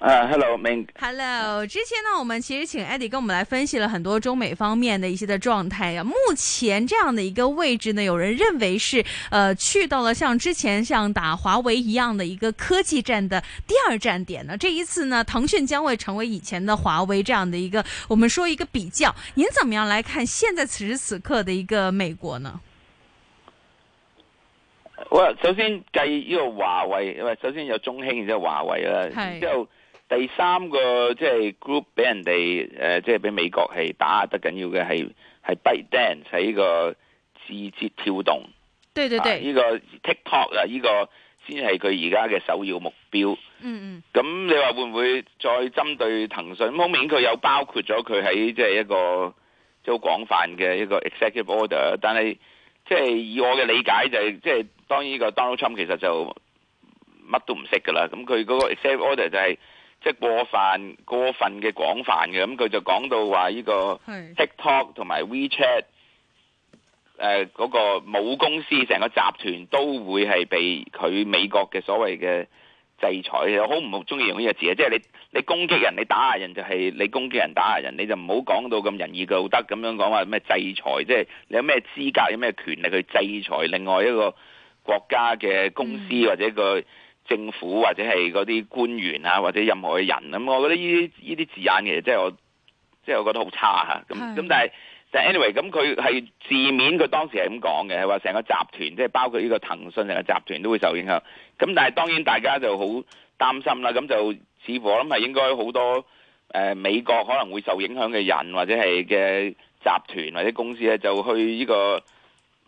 Hello Ming，Hello。Uh, hello, Ming. hello, 之前呢，我們其實請 Eddie 跟我們來分析了很多中美方面的一些的狀態啊。目前這樣的一個位置呢，有人認為是，呃去到了像之前像打華為一樣的一個科技戰的第二站點。呢，這一次呢，騰訊將會成為以前的華為這樣的一個，我們說一個比較。您怎麼樣來看現在此時此刻的一個美國呢？我、well, 首先計呢個華為，因為首先有中興，然後華為啦，然後 Hey.。第三個即係 group 俾人哋誒，即係俾美國係打得緊要嘅係，係 ByteDance 喺呢個字節跳動，對對對，呢個 TikTok 啊，呢個先係佢而家嘅首要目標。嗯嗯。咁你話會唔會再針對騰訊？方面佢又包括咗佢喺即係一個即好廣泛嘅一個 executive order，但係即係以我嘅理解就係、係、即、就、係、係、當呢個 Donald Trump 其實就乜都唔識㗎啦。咁佢嗰個 executive order 就係、係。即係過，過分過分嘅廣泛嘅，咁佢就講到話呢個 TikTok 同埋 WeChat，誒嗰是、呃嗰個母公司成個集團都會係被佢美國嘅所謂嘅制裁，我好唔中意用呢個字啊！即係你你攻擊人，你打人就係、是、你攻擊人打人，你就唔好講到咁仁義道德咁樣講話咩制裁，即係你有咩資格、有咩權力去制裁另外一個國家嘅公司、嗯、或者一個。政府或者係嗰啲官員啊，或者任何嘅人咁，我覺得呢啲呢啲字眼嘅，即係我即係我覺得好差吓。咁咁是的 但係，但 anyway，咁佢係字面，佢當時係咁講嘅，係話成個集團，即係包括呢個騰訊成個集團都會受影響。咁但係當然大家就好擔心啦。咁就似乎我諗係應該好多誒美國可能會受影響嘅人或者係嘅集團或者公司咧，就去呢個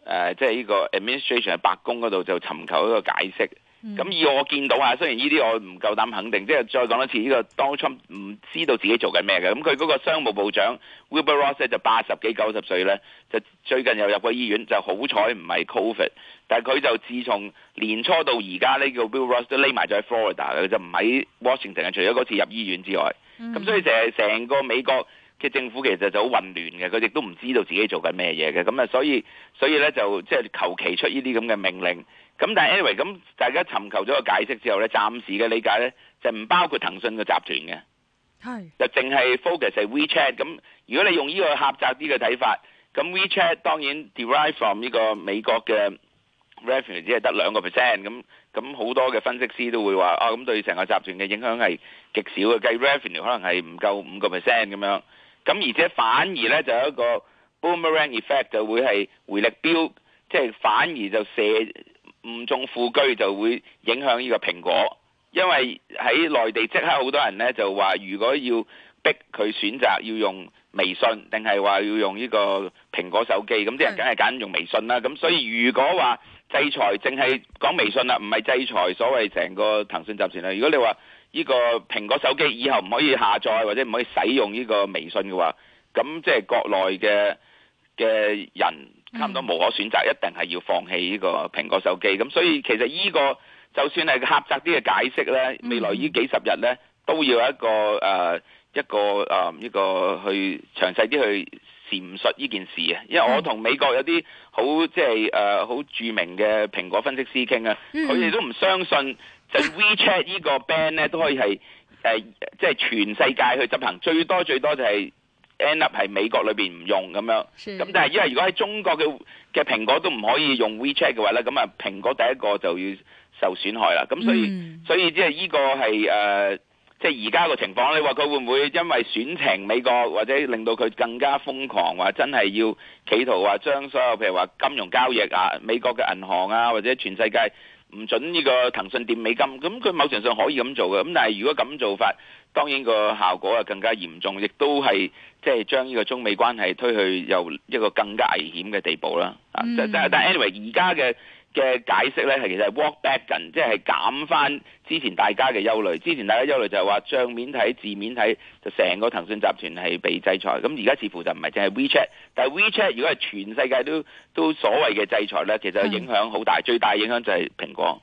誒即係呢個 administration 白宮嗰度就尋求一個解釋。咁以我見到啊，雖然呢啲我唔夠膽肯定，即係再講一次，呢個當初唔知道自己做緊咩嘅。咁佢嗰個商務部長 Wilbur Ross 呢，就八十幾九十歲咧，就最近又入過醫院，就好彩唔係 Covid，但係佢就自從年初到而家呢，叫 Wilbur Ross 都匿埋咗喺 Florida 嘅，就唔喺 Washington。除咗嗰次入醫院之外，咁所以成成個美國嘅政府其實就好混亂嘅，佢亦都唔知道自己做緊咩嘢嘅。咁啊，所以所以咧就即係求其出呢啲咁嘅命令。咁但係 anyway，咁大家尋求咗個解釋之後咧，暫時嘅理解咧就唔包括騰訊嘅集團嘅，係就淨係 focus 係 WeChat。咁如果你用呢個狹窄啲嘅睇法，咁 WeChat 當然 derive from 呢個美國嘅 Revenue 只係得兩個 percent。咁咁好多嘅分析師都會話哦，咁、啊、對成個集團嘅影響係極少嘅，計 Revenue 可能係唔夠五個 percent 咁樣。咁而且反而咧就有一個 boomerang effect 就會係回力鏢，即、就、係、是、反而就射。唔中富居就會影響呢個蘋果，因為喺內地即刻好多人咧就話，如果要逼佢選擇要用微信定係話要用呢個蘋果手機，咁啲人梗係揀用微信啦。咁所以如果話制裁淨係講微信啦，唔係制裁所謂成個騰訊集團啦。如果你話呢個蘋果手機以後唔可以下載或者唔可以使用呢個微信嘅話，咁即係國內嘅嘅人。Mm hmm. 差唔多無可選擇，一定係要放棄呢個蘋果手機。咁所以其實呢個就算係狹窄啲嘅解釋呢，未來呢幾十日呢，都要一個、呃、一個誒呢個去詳細啲去闡述呢件事。因為我同美國有啲好即係好著名嘅蘋果分析師傾啊，佢哋、mm hmm. 都唔相信就 WeChat 呢個 ban 呢都可以係即係全世界去執行，最多最多就係、是。End up 係美國裏邊唔用咁樣，咁但係因為如果喺中國嘅嘅蘋果都唔可以用 WeChat 嘅話咧，咁啊蘋果第一個就要受損害啦。咁所以所以即係依個係誒，即係而家個情況咧，你話佢會唔會因為選情美國或者令到佢更加瘋狂，話真係要企圖話將所有譬如話金融交易啊，美國嘅銀行啊或者全世界唔準依個騰訊掂美金，咁佢某程度上可以咁做嘅，咁但係如果咁做法，當然個效果係更加嚴重，亦都係。即係將呢個中美關係推去又一個更加危險嘅地步啦。啊、嗯，但但但 anyway，而家嘅嘅解釋咧其實係 walk back 緊，即係減翻之前大家嘅憂慮。之前大家的憂慮就係話，帳面睇、字面睇，就成個騰訊集團係被制裁。咁而家似乎就唔係淨係 WeChat，但係 WeChat 如果係全世界都都所謂嘅制裁咧，其實影響好大。的最大嘅影響就係蘋果。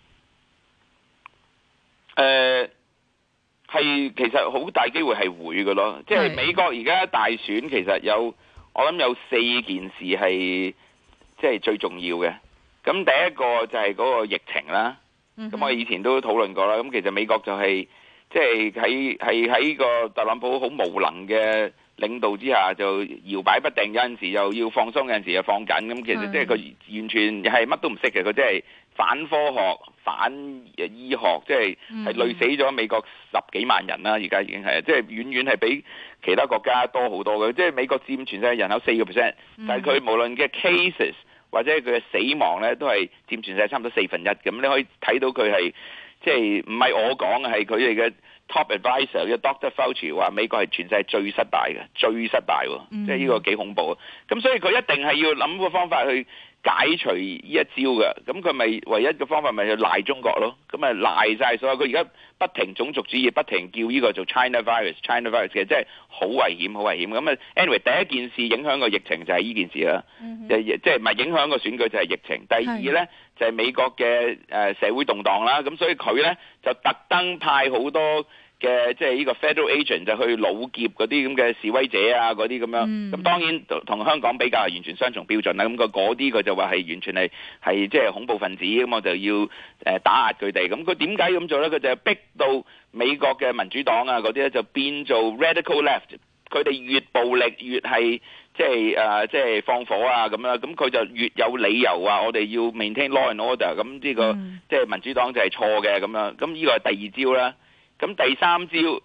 誒，係、呃、其實好大機會係會嘅咯，即係是美國而家大選其實有，我諗有四件事係即係最重要嘅。咁第一個就係嗰個疫情啦，咁我以前都討論過啦。咁、嗯、哼其實美國就係即係喺係喺個特朗普好無能嘅領導之下，就搖擺不定的時候，有陣時又要放鬆，有陣時又放緊。咁其實即係佢完全係乜都唔識嘅，佢即係反科學。反誒醫學即係係累死咗美國十幾萬人啦，而家、mm hmm. 已經係即係遠遠係比其他國家多好多嘅。即係美國佔全世界人口四個 percent，但係佢無論嘅 cases 或者佢嘅死亡咧，都係佔全世界差唔多四分一咁。噉你可以睇到佢係即係唔係我講嘅係佢哋嘅 top advisor 叫 Doctor Fauci 話美國係全世界最失敗嘅，最失敗嘅，mm hmm. 即係呢個幾恐怖啊。咁所以佢一定係要諗個方法去解除呢一招嘅，咁佢咪唯一嘅方法咪要賴中國咯？咁咪賴晒所有。佢而家不停種族主義，不停叫呢個做 China virus, China virus、China virus 嘅，真係好危險，好危險。咁啊，anyway 第一件事影響個疫情就係呢件事啦，即係唔係影響個選舉就係疫情。第二咧的就係美國嘅社會動蕩啦，咁所以佢咧就特登派好多。嘅即係呢個 federal agent 就去老劫嗰啲咁嘅示威者啊嗰啲咁樣，咁當然同香港比較係完全雙重標準啦。咁佢嗰啲佢就話係完全係係即係恐怖分子，咁我就要誒打壓佢哋。咁佢點解咁做咧？佢就係逼到美國嘅民主黨啊嗰啲咧就變做 radical left，佢哋越暴力越係即係誒即係放火啊咁樣，咁佢就越有理由啊我哋要 maintain law and order。咁呢個即係民主黨就係錯嘅咁樣，咁呢個係第二招啦。咁第三招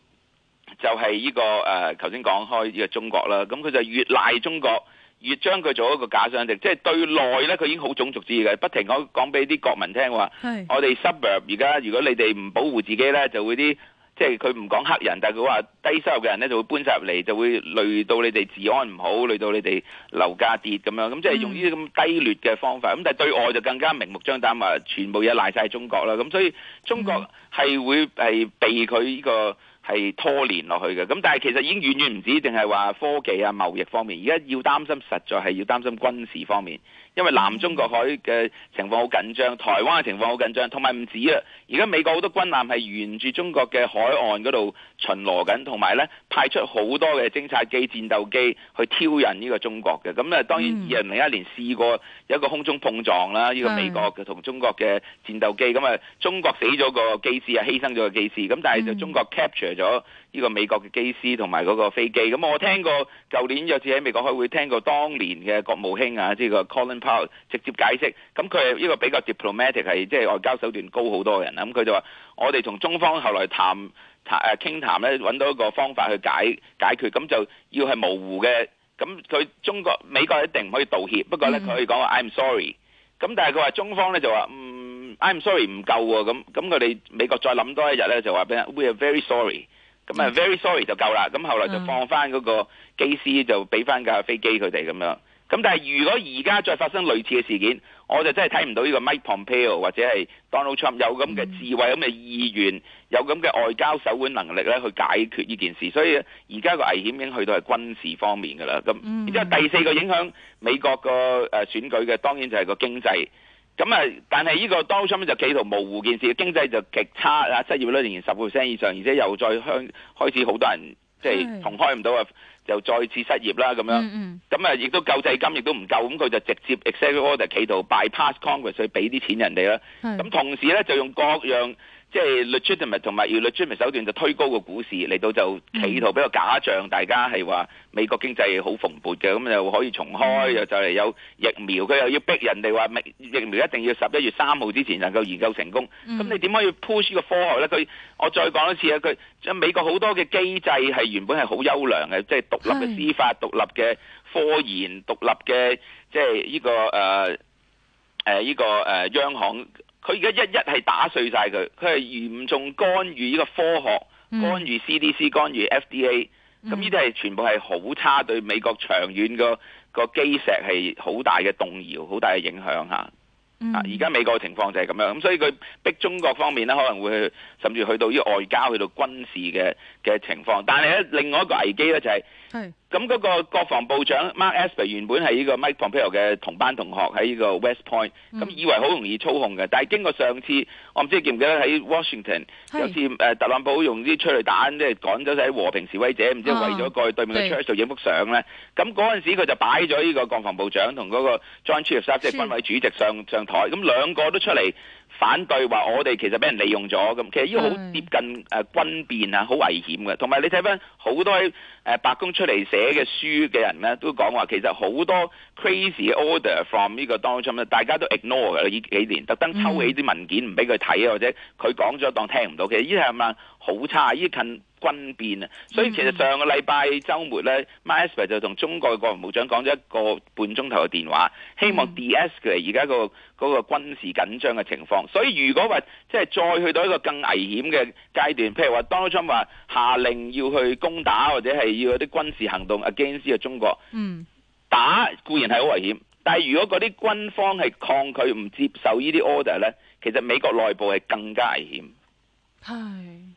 就係呢個誒頭先講開呢個中國啦。咁佢就越賴中國，越將佢做一個假想敵，即係對內咧，佢已經好種族主義嘅，不停講，講俾啲國民聽，話是我哋 suburb 而家如果你哋唔保護自己咧，就會啲。即係佢唔講黑人，但佢話低收入嘅人咧就會搬晒入嚟，就會累到你哋治安唔好，累到你哋樓價跌咁樣。咁即係用呢啲咁低劣嘅方法。咁、嗯、但係對外就更加明目張膽話全部嘢賴晒中國啦。咁所以中國係會係、嗯、被佢呢、這個。係拖連落去嘅，咁但係其實已經遠遠唔止，淨係話科技啊、貿易方面，而家要擔心，實在係要擔心軍事方面，因為南中國海嘅情況好緊張，台灣嘅情況好緊張，同埋唔止啊！而家美國好多軍艦係沿住中國嘅海岸嗰度巡邏緊，同埋咧派出好多嘅偵察機、戰鬥機去挑釁呢個中國嘅。咁啊，當然二零零一年試過有一個空中碰撞啦，呢、呢個美國嘅同中國嘅戰鬥機，咁啊的，中國死咗個機師啊，犧牲咗個機師，咁但係就中國 capture。咗呢個美國嘅機師同埋嗰個飛機，咁我聽過舊年有次喺美國開會，聽過當年嘅國務卿啊，即係個 Colin Powell 直接解釋，咁佢係呢個比較 diplomatic 係即係外交手段高好多嘅人，咁佢就話：我哋同中方後來談談誒，傾談咧，揾到一個方法去解解決，咁就要係模糊嘅，咁佢中國美國一定唔可以道歉，不過咧佢可以講話 I'm sorry，咁但係佢話中方咧就話嗯。I'm sorry 唔夠喎，咁咁佢哋美國再諗多一日咧，就話俾 We are very sorry，咁啊、mm. very sorry 就夠啦。咁、mm. 後來就放翻嗰個機師就俾翻架飛機佢哋咁樣。咁但係如果而家再發生類似嘅事件，我就真係睇唔到呢個 Mike Pompeo 或者係 Donald Trump 有咁嘅智慧，咁嘅意願，有咁嘅外交手腕能力咧去解決呢件事。所以而家個危險已經去到係軍事方面噶啦。咁然之後第四個影響美國個誒選舉嘅，當然就係個經濟。咁啊！但係呢個當中呢，就企圖模糊件事，經濟就極差啊，失業率仍然十個 percent 以上，而且又再香開始好多人即係的同開唔到啊，就再次失業啦咁樣。咁啊的、嗯嗯，亦都救濟金亦都唔夠，咁佢就直接 executive order 企圖 bypass Congress 去俾啲錢人哋啦。咁的同時咧就用各樣。即係 ultram 同埋要 ultram 手段就推高個股市，嚟到就企圖俾個假象，嗯、大家係話美國經濟好蓬勃嘅，咁又可以重開、嗯、又就嚟有疫苗，佢又要逼人哋話疫苗一定要十一月三號之前能夠研究成功，咁、嗯、你點可以 push 個科學呢？佢我再講一次啊，佢美國好多嘅機制係原本係好優良嘅，即、就、係、是、獨立嘅司法、的獨立嘅科研、獨立嘅即係呢個誒誒、呃呃呢個誒、呃、央行。佢而家一一係打碎晒佢，佢係嚴重干預呢個科學，嗯、干預 CDC，干預 FDA，咁呢啲係全部係好差，對美國長遠個、嗰個基石係好大嘅動搖，好大嘅影響嚇。啊！而家、嗯、美國嘅情況就係咁樣，咁所以佢逼中國方面咧，可能會甚至去到呢外交，去到軍事嘅嘅情況。但係咧，另外一個危機咧就係、是，咁嗰是個國防部長 Mark Esper 原本係呢個 Mike Pompeo 嘅同班同學喺呢個 West Point，咁、嗯、以為好容易操控嘅。但係經過上次，我唔知記唔記得喺 Washington 是有次誒特朗普用啲催淚彈即係趕咗曬和平示威者，唔、啊、知為咗過去對面嘅 church 影幅相咧。咁嗰陣時佢就擺咗呢個國防部長同嗰個 John Chu 嘅即係軍委主席上上台，咁兩個都出嚟反對，話我哋其實俾人利用咗咁，其實呢個好接近誒軍變啊，好危險嘅。同埋你睇翻好多誒白宮出嚟寫嘅書嘅人咧，都講話其實好多 crazy order from 呢個當中大家都 ignore 嘅。呢幾年，特登抽起啲文件唔俾佢睇，mm. 或者佢講咗當聽唔到。其實呢啲係咪好差？呢近。軍變啊！所以其實上個禮拜週末呢 Myers、mm. 就同中國嘅國防部長講咗一個半鐘頭嘅電話，希望 de-escalate 而家個嗰、嗰個軍事緊張嘅情況。所以如果話即係再去到一個更危險嘅階段，譬如話 Donald Trump 話下令要去攻打或者係要有啲軍事行動 against 嘅中國，嗯、mm.，打固然係好危險，但係如果嗰啲軍方係抗拒唔接受呢啲 order 呢，其實美國內部係更加危險。係。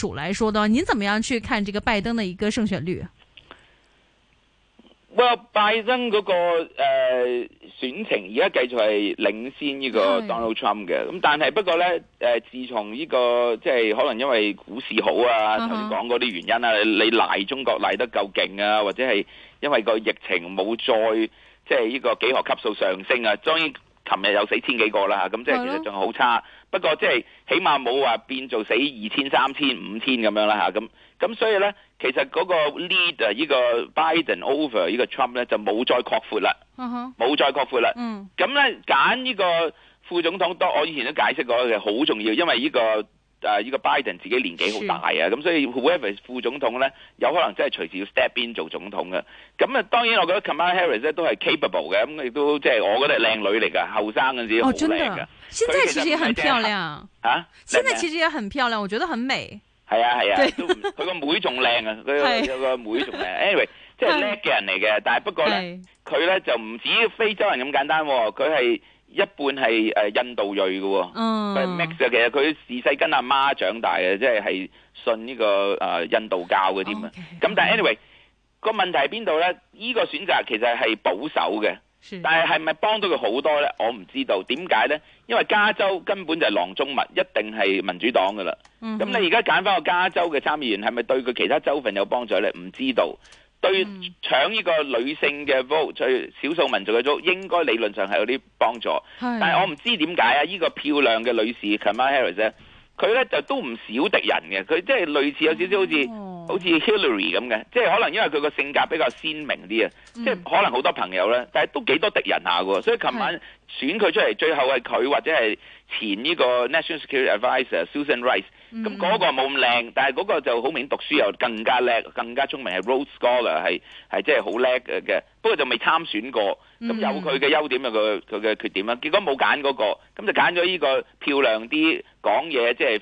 主來說到你怎麼樣去看這個拜登的一個勝選率？Well，拜登嗰個誒、呃、選情而家繼續係領先呢個 Donald Trump 嘅，咁但係不過咧誒、呃，自從呢、這個即係可能因為股市好啊，頭先講嗰啲原因啊，嗯、哼你賴中國賴得夠勁啊，或者係因為個疫情冇再即係呢個幾何級數上升啊，終於。琴日有死千幾個啦嚇，咁即係其實仲好差。的不過即係起碼冇話變做死二千三千五千咁樣啦嚇，咁咁所以咧，其實嗰個 leader 呢個 Biden over 呢個 Trump 咧就冇再擴闊啦，冇再擴闊啦。咁咧揀呢個副總統，當我以前都解釋過嘅，好重要，因為呢個。誒呢、呃、個 Biden 自己年紀好大啊，咁是、嗯、所以 whoever 副總統咧有可能真係隨時要 step in 做總統嘅。咁、嗯、啊，當然我覺得 Kamala Harris 咧都係 capable 嘅，咁、嗯、亦都即係我覺得靚女嚟噶，後生嗰陣時好靚嘅。哦，其現在其實也很漂亮。嚇、啊，現在其實也很漂亮，我覺得很美。係啊係啊，佢、啊、對個妹仲靚啊，佢有個妹仲靚。對 Anyway，即係叻嘅人嚟嘅， 但係不過咧，佢咧 就唔止非洲人咁簡單喎、啊，佢係。一半係誒印度裔嘅，Max、嗯、其實佢自細跟阿媽,媽長大嘅，即係係信呢個誒印度教嗰啲嘛。咁 Okay, okay. 但係 anyway 個問題係邊度咧？依、呢個選擇其實係保守嘅，是 okay. 但係係咪幫到佢好多咧？我唔知道點解咧？因為加州根本就係囊中物，一定係民主黨嘅啦。咁、嗯、哼你而家揀翻個加州嘅參議員，係咪對佢其他州份有幫助咧？唔知道。對搶呢個女性嘅 vote，去少數民族嘅 vote，應該理論上係有啲幫助。是但係我唔知點解啊，呢個漂亮嘅女士 Kamala Harris 咧，佢咧就都唔少敵人嘅，佢即係類似有少少好似、oh. 好似 Hillary 咁嘅，即係可能因為佢個性格比較鮮明啲啊，嗯、即係可能好多朋友咧，但係都幾多敵人下喎。所以琴晚選佢出嚟，是最後係佢或者係前呢個 National Security Adviser Susan Rice。咁嗰個冇咁靚，但係嗰個就好明顯讀書又更加叻、更加聰明，係 Rhodes Scholar 係係即係好叻嘅。不過就未參選過，咁有佢嘅優點有佢佢嘅缺點啦。結果冇揀嗰個，咁就揀咗依個漂亮啲、講嘢即係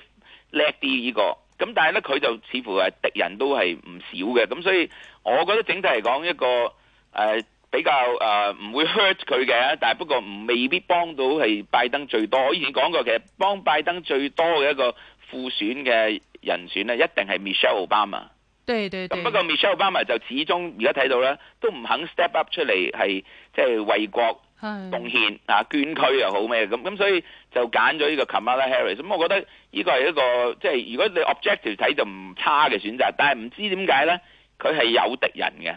叻啲依個。咁但係咧佢就似乎係敵人都係唔少嘅。咁所以我覺得整體嚟講一個誒、呃、比較誒、呃、唔會 hurt 佢嘅，但係不過唔未必幫到係拜登最多。我以前講過，其實幫拜登最多嘅一個。副選嘅人選咧，一定係 Michelle Obama。對對對。不過 Michelle Obama 就始終而家睇到咧，都唔肯 step up 出嚟，係即係為國貢獻的啊捐軀又好咩咁咁，所以就揀咗呢個 Kamala Harris。咁我覺得呢個係一個即係、就是、如果你 objective 睇就唔差嘅選擇，但係唔知點解咧，佢係有敵人嘅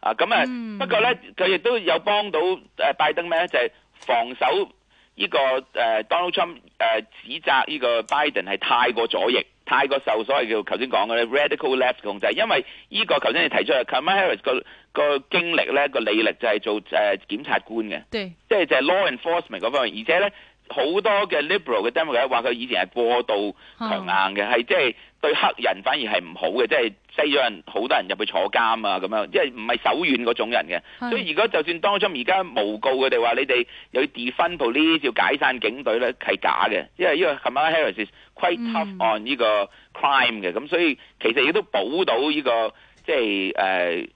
啊咁啊。啊嗯、不過咧，佢亦都有幫到誒、啊、拜登咩？就係、是、防守。呢、這個誒、uh, Donald Trump 誒、uh, 指責呢個 Biden 係太過左翼，太過受所謂叫頭先講嘅咧 radical left 的控制，因為呢個頭先你提出嚟，Kamala Harris 個個經歷咧、這個履歷就係做誒檢、呃、察官嘅，對即係就係 law enforcement 嗰方面，而且咧好多嘅 liberal 嘅 democrats 話佢以前係過度強硬嘅，係即係。Hmm. 是就是對黑人反而係唔好嘅，即係死咗人好多人入去坐監啊咁樣，即係唔係手軟嗰種人嘅。是的 所以如果就算當中而家無告佢哋話你哋有要 defund 呢啲叫解散警隊咧係假嘅，因為呢個琴晚 Harris quite tough、嗯、on 呢個 crime 嘅，咁所以其實亦都補到呢、這個即係誒、呃、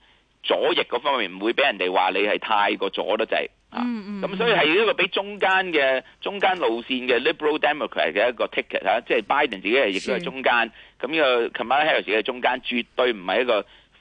左翼嗰方面唔會俾人哋話你係太過左得滯。嗯、啊、嗯，咁、嗯、所以係一個比中間嘅中間路線嘅 Liberal Democrat 嘅一個 ticket 嚇、啊，即係 Biden 自己係亦都係中間，咁呢是個 Kamala Harris 自己係中間，絕對唔係一個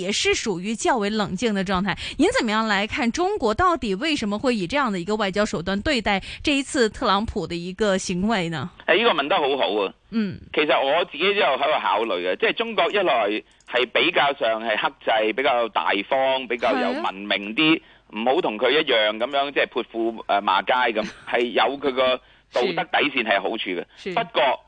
也是屬於較為冷靜的狀態。您怎麼樣來看中國到底為什麼會以這樣的一個外交手段對待這一次特朗普的一個行為呢？哎，呢個問得好好啊！嗯，其實我自己都有喺度考慮嘅，即係中國一來係比較上係克制，比較大方，比較有文明啲，唔好同佢一樣咁樣即係潑婦誒罵街咁，係 有佢個道德底線係好處嘅。不過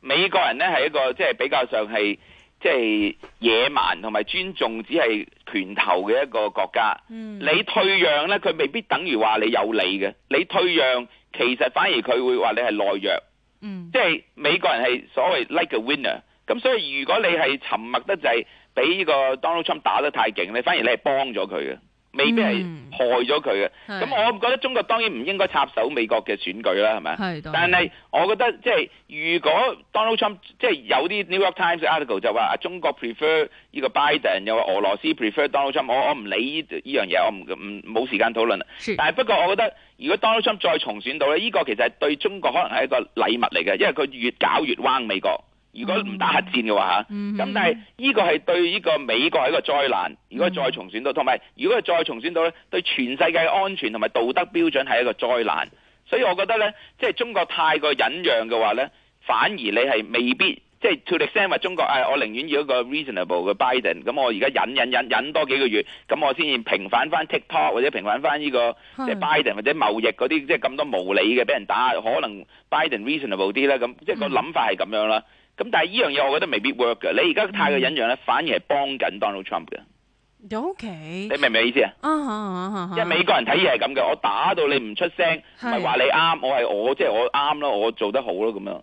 美國人咧係一個即係比較上係。即係野蠻同埋尊重，只係拳頭嘅一個國家。你退讓呢，佢未必等於話你有理嘅。你退讓，其實反而佢會話你係懦弱。嗯，即係美國人係所謂 like a winner。咁所以如果你係沉默得滯，俾呢個 Donald Trump 打得太勁，你反而你係幫咗佢嘅。未必係害咗佢嘅，咁、嗯、我覺得中國當然唔應該插手美國嘅選舉啦，係咪？的但係我覺得即係如果 Donald Trump 即係有啲 New York Times article 就話啊，中國 prefer 呢個 Biden，又話俄羅斯 prefer Donald Trump，我我唔理呢呢樣嘢，我唔唔冇時間討論。的但係不過我覺得如果 Donald Trump 再重選到咧，呢、呢個其實係對中國可能係一個禮物嚟嘅，因為佢越搞越彎美國。如果唔打核戰嘅話嚇，咁、mm hmm. 但係呢個係對呢個美國係一個災難。Mm hmm. 如果再重選到，同埋如果再重選到咧，對全世界安全同埋道德標準係一個災難。所以我覺得咧，即係中國太過忍讓嘅話咧，反而你係未必即係脫力聲話中國。誒、哎，我寧願要一個 reasonable 嘅 Biden。咁我而家忍忍忍忍多幾個月，咁我先至平反翻 TikTok 或者平反翻呢個即係 Biden 或者貿易嗰啲即係咁多無理嘅俾人打，可能 Biden reasonable 啲啦。咁即係個諗法係咁樣啦。咁、嗯、但係依樣嘢，我覺得未必 work 嘅。你而家太過忍讓咧，反而係幫緊 Donald Trump 嘅。OK，你明唔明意思啊？啊啊因為美國人睇嘢係咁嘅，我打到你唔出聲，咪係話你啱，我係我即係、就是、我啱咯，我做得好咯咁樣。